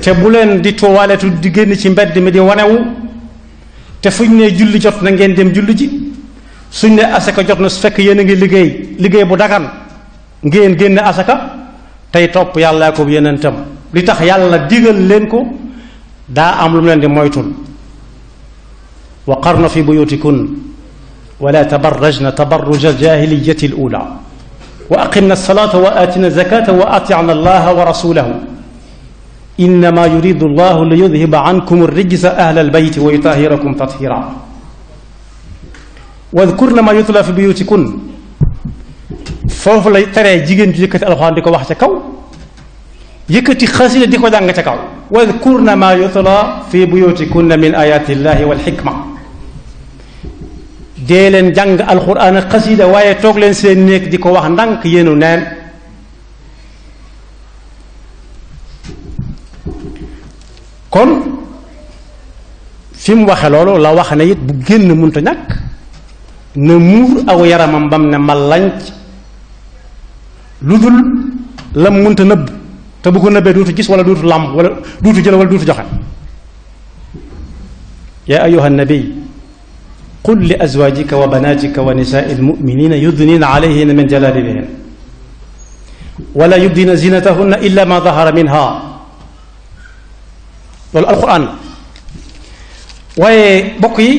te bu leen di tuwaaletu di génn ci mbedd mi di wanewu te fuñ ne julli jot na ngeen dem julli ji suñ ne asaka jot na su fekk yéen a ngi liggéey liggéey bu dagan ngeen génn asaka tey topp yàllaa ko yeneen yenentam li tax yàlla digal leen ko daa am lu mu leen di moytul wa qarna fi buyutikun wala tabarrajna tabarruja jahiliyati al ula wa aqimna salata wa atina zakata wa atina allaha wa rasulahu innama yuridu llahu li yudhiba ankum rijsa ahla albayti wa yutahirakum tathira wadkurna ma yutla fi buyutikunna foofu lay teree jigéen ju yëkkati alxuraan di ko wax ca kaw yëkkati xasida di ko jàng ca kaw wadkurna ma yutla fi buyutikunna min ayati llahi wal xikma dee leen jàng alxuraan ak xasida waaye toog leen seen néeg di ko wax ndànk yéenu neen kon fi mu waxe loolu la wax ne it bu génn munta ñàkk na muur aw yaramam bam ne ma lanc lu dul lam munta nëbb te bu ko nëbbee duutu gis wala duutu làmb wala duutu jël wala duutu joxe yaa ayyuha nabi qul li azwaajika wa banaatika wa nisaai almuminina yudnina alayhinna min jalabibihin wala yubdina zinatahunna illa ma dahara minha loolu alxuraan la waaye bokk yi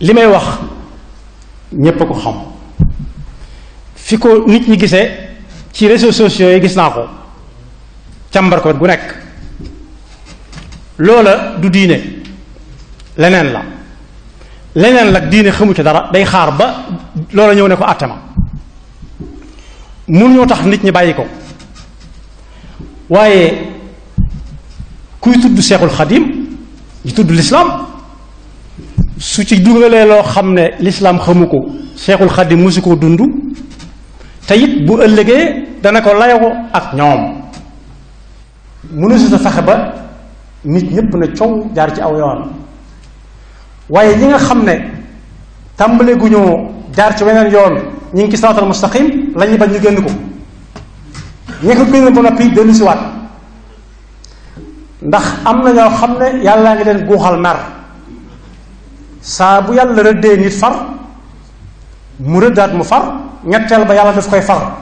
li may wax ñépp ko xam fi ko nit ñi gisee ci réseaux sociaux yi gis naa ko càmbar ko bu nekk loola du diine leneen la leneen la diine xamu ci dara day xaar ba loola ñëw ne ko àtte ma mun ñoo tax nit ñi bàyyi ko waaye kuy tudd seexul xadim di tudd lislaam su ci dugalee loo xam ne lislaam xamu ko seexul xadim mosu koo dund te it bu ëllëgee dana ko layoo ak ñoom mënu si sa fexe ba nit ñépp na coow jaar ci aw yoon waaye ñi nga xam ne tàmbale jaar ci weneen yoon ñi ngi ci siraatal mustaqim la ñuy bañ ñu génn ko ñi ko génn ba noppi dellu si waat ndax am na ñoo xam ne yàllaa ngi leen guuxal mer saa bu yàlla rëddee nit far mu rëddaat mu far ñetteel ba yàlla daf koy far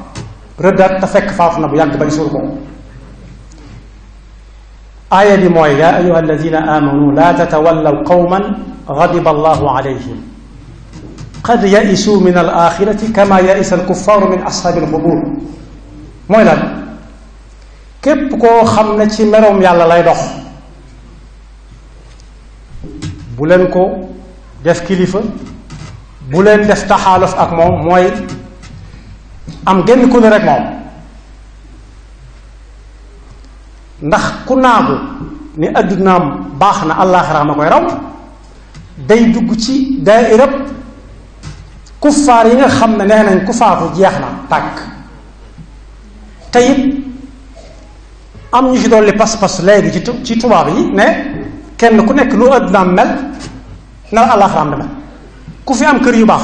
rëddaat te fekk faatu na bu yàgg bañ suur ko aaya bi mooy yaa ayuha alladina amanu laa tatawallaw qawman gadiba allahu alayhim qad yaisu min al axirati kama yaisa alkuffaaru min ashaabi alxubuur mooy lan képp koo xam ne ci meroom yàlla lay dox buleen ko def kilifa buleen def taxaaluf ak moom mooy am genn ku rek moom ndax ku naagu ni addunaam baax na allaaxira ma koy raw day dugg ci daairab kuffaar yi nga xam ne nee nañ ku faatu jeex na tàkk te am ñu ci dolli pas-pas léegi ci ci tubaab yi ne kenn ku nekk lu àddunaam mel na la àllaaxiraam mel ku fi am kër yu baax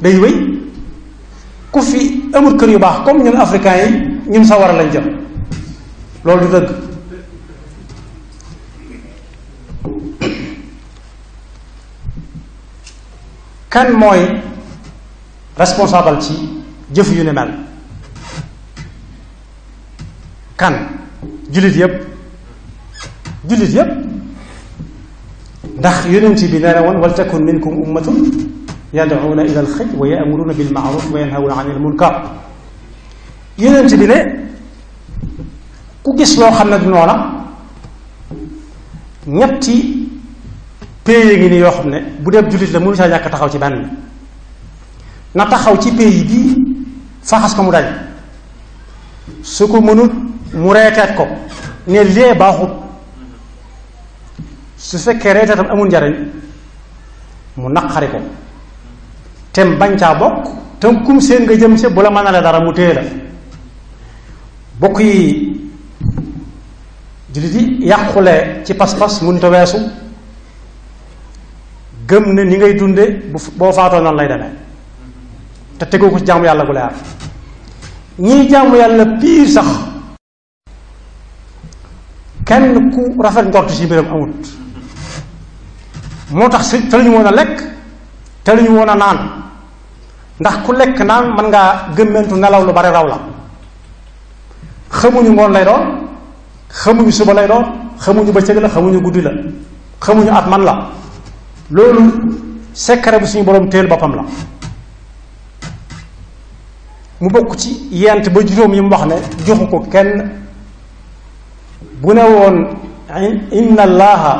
day wéy ku fi amul kër yu baax comme ñun africains yi ñun sawara lañ jëm loolu du dëgg kan mooy responsable ci jëf yu ne mel kan jullit yëpp jullit yépp ndax yonent bi nee na woon wal takun minkum ummatun yad'una ila alxayr wa ya'muruna bil ma'ruf wa yanhawna anil munkar yonent bi ne ku gis loo xam ne du noona ñetti pays ngi nii yoo xam ne bu dee jullit la mënu saa ñàkk taxaw ci benn na taxaw ci pays bii faxas ko mu daj su ko mënut mu reeteet ko ne lee baaxut su fekkee reeteetam amul njariñ mu naqari ko tem bañ caa bokk tam kum seen nga jëm si bu la mënale dara mu téye la bokk yi jullit yi yàqule ci pas-pas mënut a weesu gëm na ni ngay dunde bu boo faatoo noonu lay demee te tegoo ko ci jaamu yàlla gu leer ñii jaamu yàlla piir sax kenn ku rafet njort ci mbiram amut moo tax si te lu ñu woon a lekk te lu ñu woon a naan ndax ku lekk naan man ngaa gëmmentu nelaw lu bare raw la xamuñu ngoon lay doon xamuñu suba lay doon xamuñu bëccëg la xamuñu guddi la xamuñu at man la loolu secret bu suñu borom téel boppam la mu bokk ci yent ba juróom yi mu wax ne joxu ko kenn bu ne woon inna allaha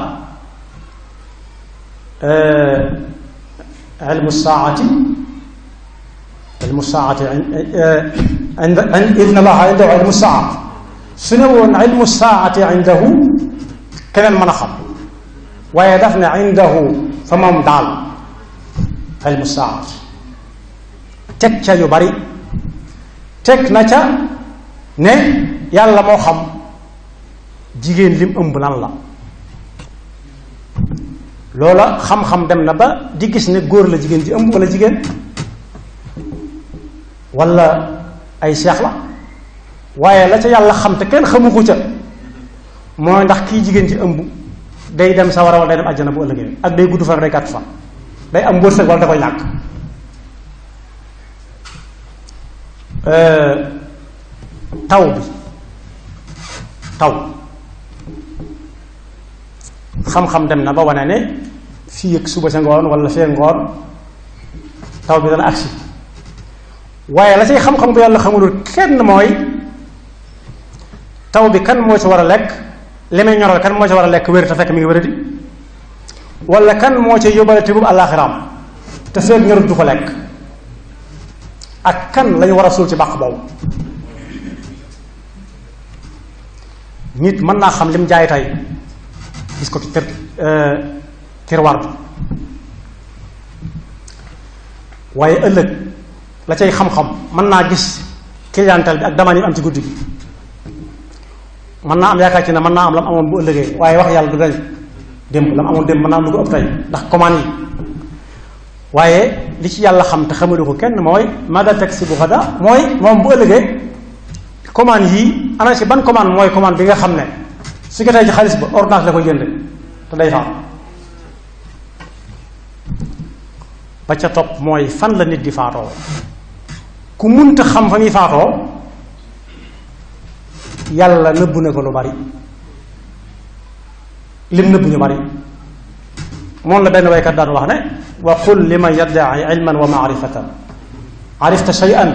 eh, ilmu saati ilmu saati eh, eh, inna allaha indahu ilmu saati su ne woon ilmu saati indahu keneen mën a xam waaye daf ne indahu fa moom daal ilmu saati teg ca yu bari teg na ca ne yàlla moo xam jigéen lim ëmb lan la loola xam-xam dem na ba di gis ne góor la jigéen ci ëmb walla jigéen wala ay seex waaye la ca yàlla xam te kenn xamu ko ca mooy ndax kii jigéen ci ëmb day dem sawara wala day dem àjjana bu ëllëgee ak day gudd fan day gàtt fan day am wërsëg wala da koy ñàkk euh, taw bi taw xam-xam dem na ba wane ne fii ak suba sa ngoon wala fee ngoon taw bi dana agsi waaye la say xam-xam bu yàlla xamulul kenn mooy taw bi kan moo ci war a lekk li may ñoral kan moo ci war a lekk wér te fekk mi ngi wéradi walla kan moo ci yóbbale te bu àllaaxiraam te fekk ñorut du ko lekk ak kan lañu war a suul ci bàq boobu nit mën naa xam lim jaay tey gis ko ci ter terroir bi waaye ëllëg la cay xam-xam mën naa gis clientèle bi ak demande yi am ci guddi gi mën naa am yaakaar ci ne mën naa am la mu amoon bu ëllëgee waaye wax yàlla du démb la mu amoon démb mën naa am lu ko ëpp tey ndax commande yi waaye li ci yàlla xam te xamalu ko kenn mooy mada taxi bu xada mooy moom bu ëllëgee commande yii ana ci ban commande mooy commande bi nga xam ne su jotee ci xaalis ba ordonnance la koy jënd te day faam ba ca topp mooy fan la nit di faatoo ku munta xam fa muy faatoo yàlla nëbb na ko lu bari lim nëbb ñu bari moom la benn waykat daan wax ne wa qul liman yaddaci ilman wa maarifatan arifta shay'an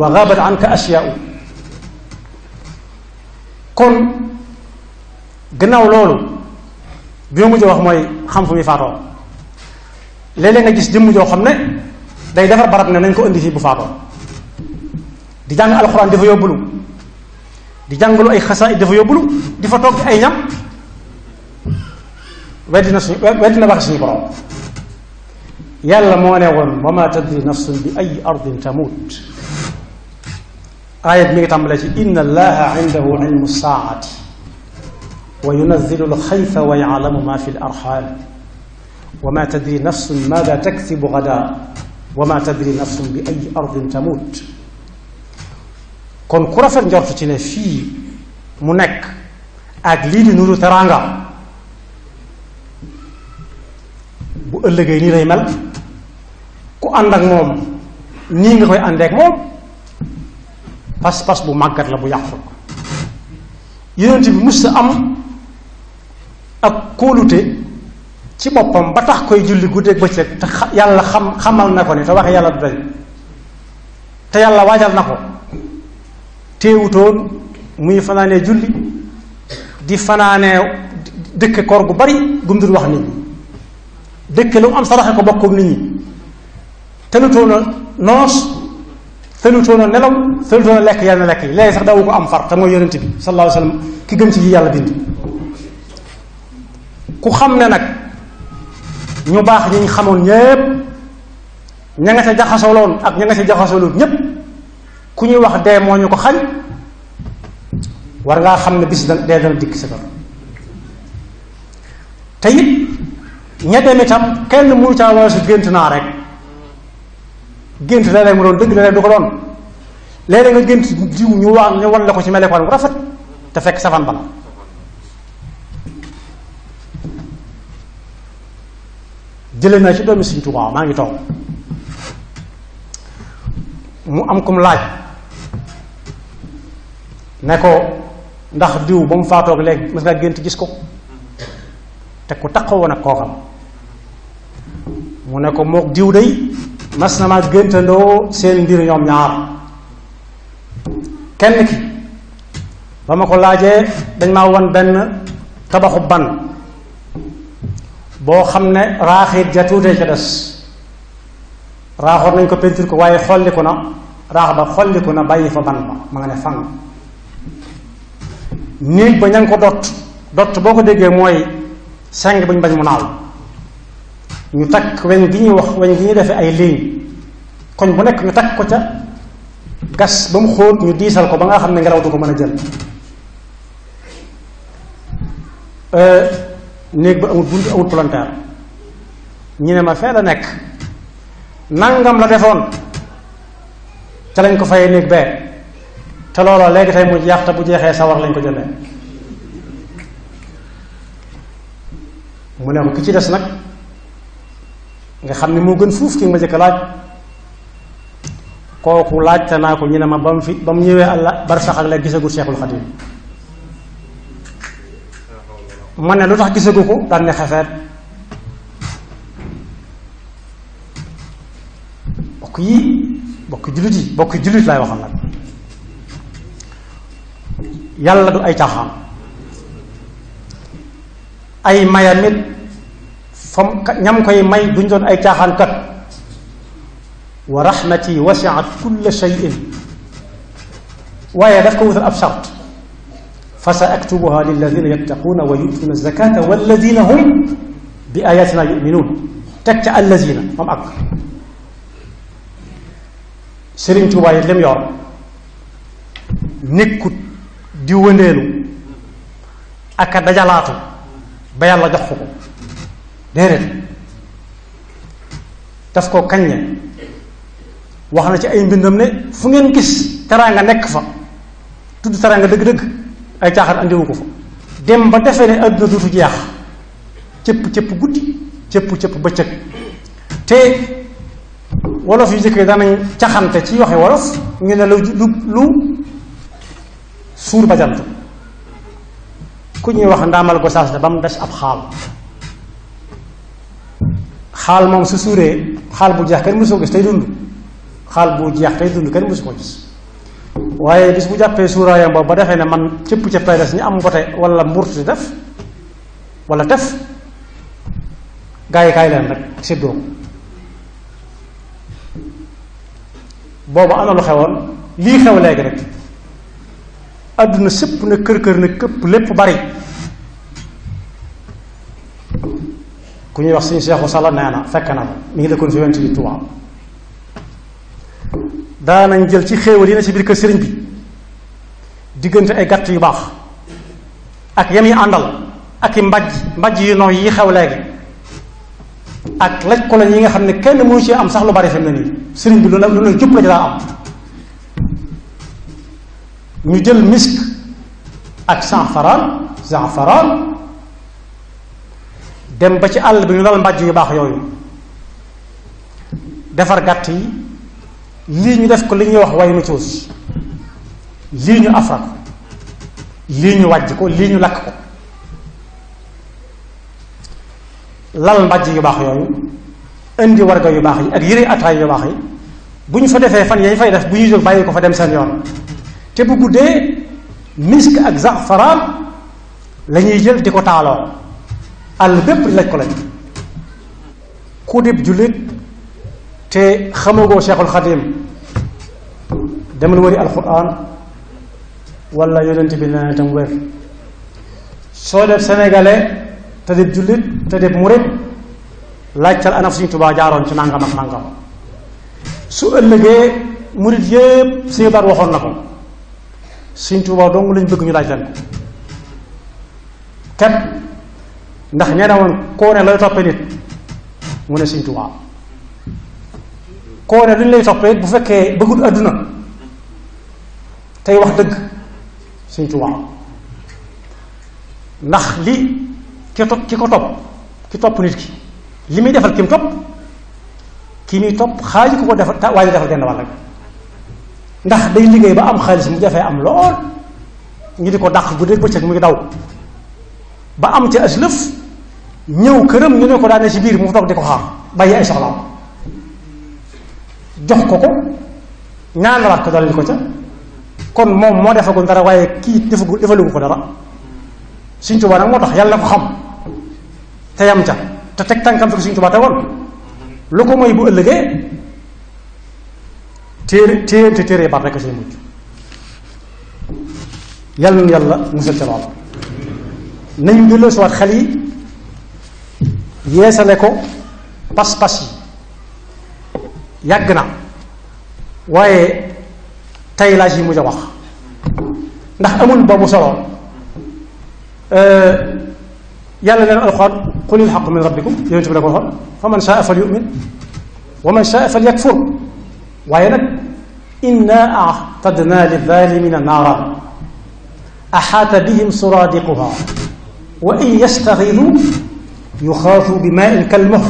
wa gaabat anka ashyaau kon gannaaw loolu bi ma mujj wax mooy xam fu muy faatoo léeg nga gis jëmm joo xam ne day defar barab ne nañ ko indi fii bu faatoo di jàng alxuraan di fa yóbbulu di jàngalu ay xasaay di fa yóbbulu di fa toog ay ñam weddi na suñu weddi na wax suñu borom yàlla moo ne woon wa ma tadri nafsun bi ay ardin tamut aayat mi ngi tàmbalee ci inna allaha indahu ilmu saati wa yunazzilu alxayfa wa yalamu ma fi larxaam wa ma tadri nafsun maada taksibu gadaa wa ma tadri nafsun bi ay ardin tamut kon ku rafet njort ne fii mu nekk ak lii di nuru teraanga bu ëllëgee nii lay mel ku ànd ak moom nii nga koy àndeek moom pas-pas bu màggat la bu yàqu yonent bi mus am ak kóolute ci boppam ba tax koy julli guddeeg bëccëg te yàlla xam xamal na ko ni te waxe yàlla du dañ te yàlla waajal na ko téewutoon muy fanaanee julli di fanaanee dëkk koor gu bari gum dul wax nit ñi dëkk lu mu am saraxe ko bokkook nit ñi tëlutoon a noos tëlutoon a nelaw tëlutoon a lekk yenn lekk yi léegi sax dawu ko am far te mooy yonent bi sallallahu alayhi wa ki gën ci yàlla bind ku xam ne nag ñu baax ñi ñu xamoon ñépp ña nga sa jaxasoloon ak ña nga sa jaxasoloon ñépp ku ñuy wax dee moo ñu ko xañ war ngaa xam ne bis dee dana dikk sa kër te it ña dem itam kenn mënu caa war su gént naa rek gént léeg-léeg mu doon dëgg léeg du ko doon léeg-léeg nga gént jiw ñu wax ñu wan la ko ci melokaan bu rafet te fekk safan bala jële naa ci doomi Sëriñ Tuubaa maa ngi toog mu am kum laaj ne ko ndax diw ba mu faatoog léegi mas nga gént gis ko te ku taxawoon ak koo xam mu ne ko mook diw day mas na maa géntandoo seen mbir ñoom ñaar kenn ki ba ma ko laajee dañ maa won benn tabaxu ban boo xam ne raaxit ja tuutee ca des raaxoon nañ ko pentir ko waaye xolliku na raax ba xolliku na bàyyi fa ban ba ma nga ne fang néeg ba ña ngi ko dott dott boo ko déggee mooy seng bu ñu bañ mu naaw ñu takk weñ gi ñuy wax weñ gi ñuy defee ay ligne koñ bu nekk ñu takk ko ca gas ba mu xóot ñu diisal ko ba nga xam ne ngelaw du ko mën a jël euh, néeg ba amul bunt amul palanteer ñu ne ma fee la nekk nangam la defoon ca lañ ko fayee néeg bee te looloo léegi tey mu jeex te bu jeexee sawar lañ ko jëlee mu ne ko ki ci des nag nga xam ne moo gën fuuf ki ma jëkk laaj kooku laajte naa ko ñu ne ma ba mu fi ba mu ñëwee àlla barsax ak la gisagul Seexul Xadiim ma ne lu tax gisagu ko daan ne xefeet bokk yi bokk jullit yi bokk jullit laay waxal nag yàlla du ay caaxaan ay mayamit fam ñam koy may duñ doon ay caaxaan kat wa rahmati wasiat kulla shay'in waaye daf ko wutal ab sart fa sa aktubuha lilladina yattaquuna wa yutuuna zakata walladina hum bi ayatina yuminuun teg ca allazina moom ak Sëriñ Tuubaa it lim yor nekkut di wëndeelu ak a dajalaatu ba yàlla jox ko ko déedéet daf ko kaññe wax na ci ay mbindam ne fu ngeen gis teraanga nekk fa tudd teraanga dëgg-dëgg ay caaxaan andiwu ko fa dem ba defee ne àdduna dutu jeex cëpp cëpp guddi cëpp cëpp bëccëg te wolof yu njëkk yi danañ caxante ci waxe wolof ñu ne lu lu lu suur ba jant ku ñuy wax ndaamal gosaas la ba mu des ab xaal xaal moom su suuree xaal bu jeex kenn mësu ko gis tey dund xaal bu jeex tey dund kenn mësu ko gis waaye bis bu jàppee suuraayam boobu ba defee ne man cëpp ca PDS ñu am voté wala murti def wala def gaa yi kaay leen rek séddoo boobu am na lu xewoon lii xew léegi rek àdduna sëpp na kër kër na këpp lépp bari ku ñuy wax ñu seexu sala nee na fekk na ko mi ngi dëkkoon fi yi tubaab daanañ jël ci xéewal yi ne ci biir kër sëriñ bi diggante ay gàtt yu baax ak yam yu àndal ak i mbajj mbajj yu nooy yi xew léegi ak laj koloñ yi nga xam ne kenn mënu ci am sax lu bari fi mu ne nii sëriñ bi lu ne lu ne jub la ci am ñu jël misk ak sanfaraan sanfaraan dem ba ci àll bi ñu dal mbajj yu baax yooyu defar gàtt yi lii ñu def ko li ñuy wax way nu cuus lii ñu afra lii ñu wàjj ko lii ñu lakk ko lal mbàjj yu baax yooyu indi warga yu baax yi ak yëre ataay yu baax yi bu ñu fa defee fan yañ fay def bu ñuy jóg bàyyi ko fa dem seen yoon te bu guddee misk ak zafaraan la lañuy jël di ko taaloo àll bépp laj ko lañ ku dib jullit te xamagoo Cheikhul Xadim demal wëri alquran wala yonent bi na tam wér soo def sénégalais te jullit te murit laajtal ana fu Sëriñ jaaroon ci nangam ak nangam su ëllëgee murit yépp suñu baat waxoon na ko Sëriñ Tuubaa dong lañ bëgg ñu laaj leen ko ndax ñee woon koo ne looy toppee nit mu ne Sëriñ Tuubaa koo ne dañ lay toppee bu fekkee bëggul àdduna tey wax dëgg Sëñ Tuubaa ndax li ki topp ki ko topp ki topp nit ki li muy defal ki mu topp ki muy topp xaaji ko ko defal waaye defal genn wàll rek ndax day liggéey ba am xaalis mu jafee am lool ñu di ko dàq guddeeg bëccëg mu ngi daw ba am ca aslëf ñëw këram ñu ne ko daane si biir mu toog di ko xaar bàyyi ay soxlaam jox ko ko ñaanalaat ko dalal ko ca kon moom moo defagul dara waaye kii defagul defalugu ko dara suñ Tuubaa nag moo tax yàlla ko xam te yam ca te teg tànkam fi Sëñ Tuubaa tegoon lu ko mooy bu ëllëgee téere téere te téere baat rekk say mujj yàlla na yàlla musal ca loolu nañu delloo si waat xel yi yeesale ko pas-pas yi yàgg na waaye tey laa ci mujj a wax ndax amul boobu solo euh, yàlla leen alxuraan qulil xaqu min rabbikum yonent bi la ko waxoon fa man shaa fal yu'min wa man shaa fal yakfur waaye nag inna a'tadna lizalimina naara axaata bihim suraadiquha wa in yastaxidu yuxaatu bi maa'in kalmuhl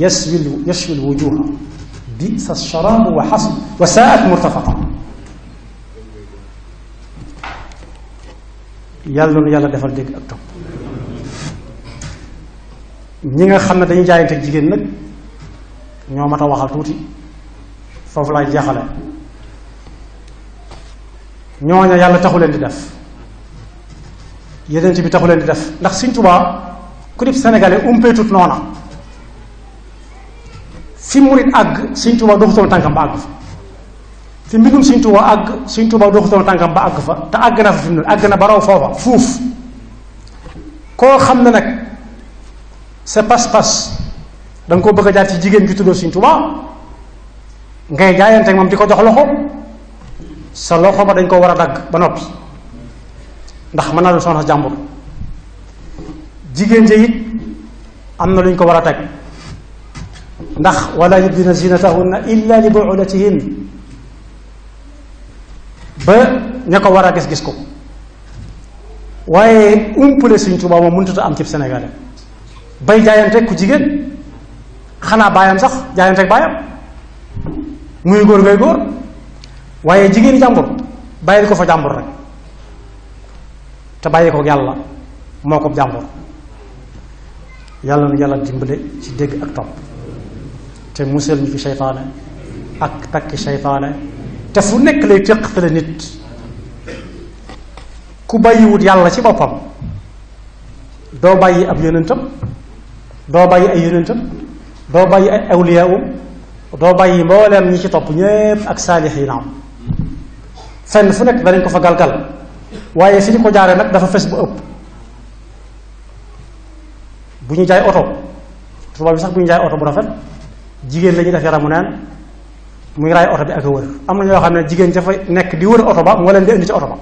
yashwi yashwi lwujuha di بئس الشراب وحسن وساءت مرتفقا yàlla na yàlla defal dégg ak topp ñi nga xam ne dañu jaayante ak jigéen nag ñoo mat a waxal tuuti foofu laay jeexale ñooñu yàlla taxu leen di def yeneen bi taxu leen di def ndax Sëñ Tuubaa ku dib sénégalais umpeetut noona fi murit àgg Sëñ Tuubaa doxutoon tànkam ba àgg fa fi mbindum Sëñ Tuubaa àgg Sëñ Tuubaa doxutoon tànkam ba àgg fa te àgg na fa fi mu àgg na ba raw foofa fuuf koo xam ne nag sa pas-pas da koo bëgg a jaar ci jigéen ju tuddoo Sëñ Tuubaa ngay jaayante ak moom di ko jox loxo sa loxo ba dañ koo war a dagg ba noppi ndax mën naa doon soxna jàmbur jigéen ja it am na lu ko war a dagg ndax wala yubdina zinatahunna illa li buulatihin ba ña ko war a gis gis ko waaye umpale suñ Tuubaa moom mënut a am cib Sénégalais jaayante ku jigéen xanaa baayam sax jaayante ak baayam muy góor ngay góor waaye jigéen jàmbur bàyyil ko fa jàmbur rek te bàyyi ko yàlla moo ko jàmbur yàlla nu yàlla dimbale ci dégg ak topp te musal ñu fi seytaane ak takki seytaane te fu nekk lay téqtale nit ku wut yàlla ci boppam doo bàyyi ab yonentam doo bàyyi ay yonentam doo bàyyi ay awliyaawum doo bàyyi mbooleem ñi ci topp ñépp ak saalixiinaam fenn fu nekk danañ ko fa galgal waaye fi ñu ko jaaree nag dafa fes bu ëpp bu ñu jaay oto tubaab bi sax bu ñu jaay oto bu rafet jigéen la ñuy def yaramu neen muy raay oto bi ak wër am na ñoo xam ne jigéen ca nekk di wër oto ba moo leen di indi ci oto ba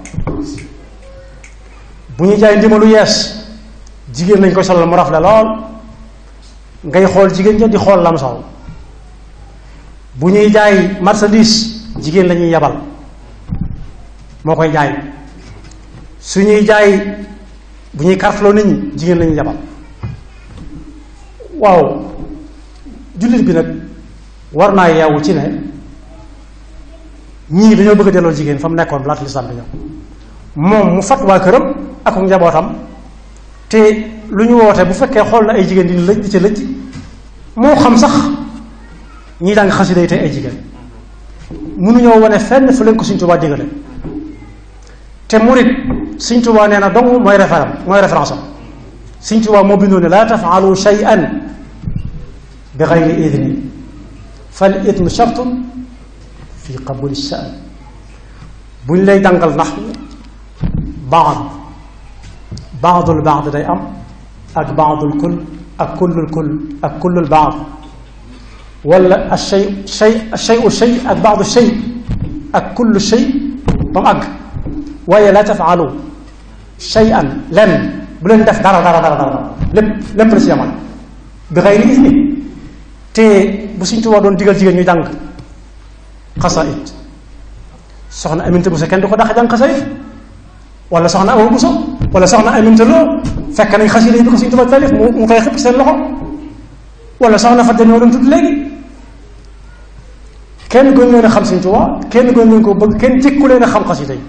bu ñuy jaay ndima lu yees jigéen lañ koy solal mu rafle lool ngay xool jigéen ja di xool lam sol bu ñuy jaay marchandise jigéen lañuy yabal moo koy jaay su ñuy jaay bu ñuy kartaloo nit ñi jigéen la yabal waaw jullit bi nag war naa yeewu ci ne ñii dañoo bëgg delloo jigéen fa mu nekkoon laata lislaam di ñëw moom mu fat waa këram ak njabootam te lu ñu woote bu fekkee xool na ay jigéen di lëj di ca lëj moo xam sax ñii danga xasida yi tey ay jigéen mënuñoo wane fenn fu leen ko Sëñ Tuubaa digale te murit Sëñ Tuubaa nee na dong mooy référence mooy référence am Sëñ moo bindoo ne laa tafaalu shay'an bi xayri idni fal idnu shartun fi qabuli shan buñ lay jàngal nax baad baadul baad day am ak baadul kull ak kullul kull ak kullul baad wala ashay shay shayu shay ak baadu shay ak kullu shay ba mu àgg waaye laa tafaalu shayan lenn bu leen def dara dara dara dara lépp lépp la ci yamal bi xayri idni te bu Sëñ Tuubaa doon digal jigéen ñu jàng xasaayid soxna Aminta Buso kenn du ko dàq jàng xasaayid wala soxna Awa Buso wala soxna Aminta Lo fekk nañ xasida yi bi ko Sëñ Tuubaa taalif mu mu koy xëpp seen loxo wala soxna Fatou Ndiaye doon tudd léegi kenn gën leen a xam Sëñ Tuubaa kenn gën leen koo bëgg kenn jëkku leen a xam xasida yi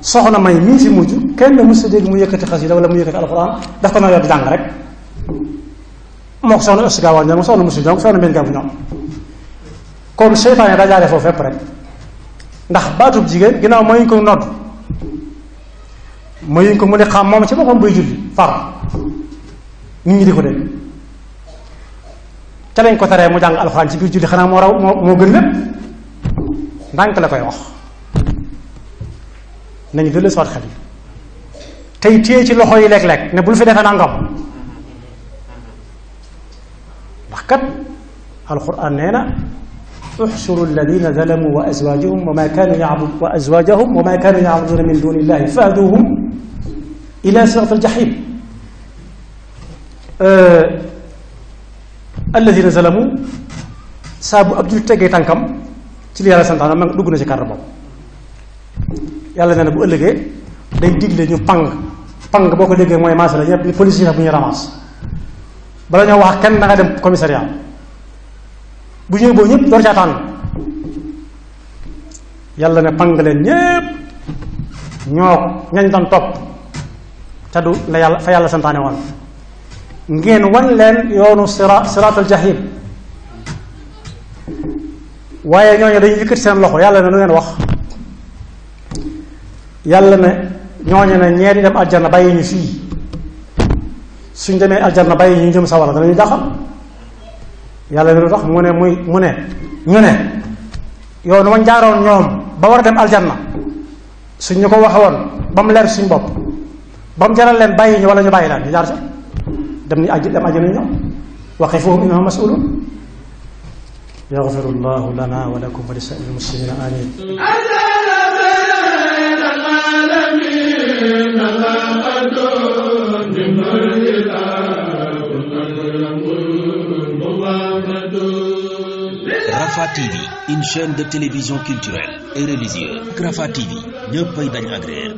soxna May mii fi mujj kenn mës a dégg mu yëkkati xasida wala mu yëkkati alxuraan daf ko naa yor di jàng rek. moo soxna Assa Gawane ñoom soxna Moussa ñoom soxna Mbène Gabu ñoom kon seytaane dajaale foofu fépp rek ndax baatub jigéen ginnaaw mayuñ ko nodd mayuñ ko mu ne xam moom ci boppam buy julli far ko dégg ca lañ ko mu jàng alxuraan ci biir julli xanaa moo raw moo moo gën lépp ndànk la koy wax nañu dellu si waat xel yi tey téye ci loxo yi léeg lekk ne bul fi defee nangam. ndax kat alquran nee na uxshuru alladina zalamu wa azwajahum wa ma kanu yabud wa azwajahum wa ma kanu yabuduna min duni illahi fahduhum ila sirat aljahim alladina zalamu saa bu ab jullit tegee tànkam ci li yàlla santaana ma nga dugg na ci kàr boobu yàlla nee na bu ëllëgee day digle ñu pang pang boo ko déggee mooy maas la ñëpp police yi sax bu ñu ramasse bala ñoo wax kenn na nga dem commissariat bu ñëw boo ñëpp door caa yàlla ne pang leen ñépp ñoo ñañ doon topp te du la yàlla fa yàlla santaane woon ngeen wan yoonu sira siraatul jahim waaye ñooñu dañuy yëkkati seen loxo yàlla ne lu ngeen wax yàlla na ñooñu ne ñee di dem àjjana bàyyi ñu fii suñ demee aljanna bàyyi ñu jëm sawara danañu daxal yàlla lu tax mu ne muy mu ne ñu ne yow nu jaaroon ñoom ba war a dem aljanna suñ ñu ko waxe woon ba mu leer suñ bopp ba mu jaral leen bàyyi ñu wala ñu bàyyi leen ñu jaar sa dem ni aj dem ajjana ñu ñëw waqifuhum innahum mas'ulun yaghfiru llahu lana wa lakum wa li sa'iril muslimina amin Rafah TV une chaîne de a culturelle et religieuse Rafah TV ñëppay dañ agréer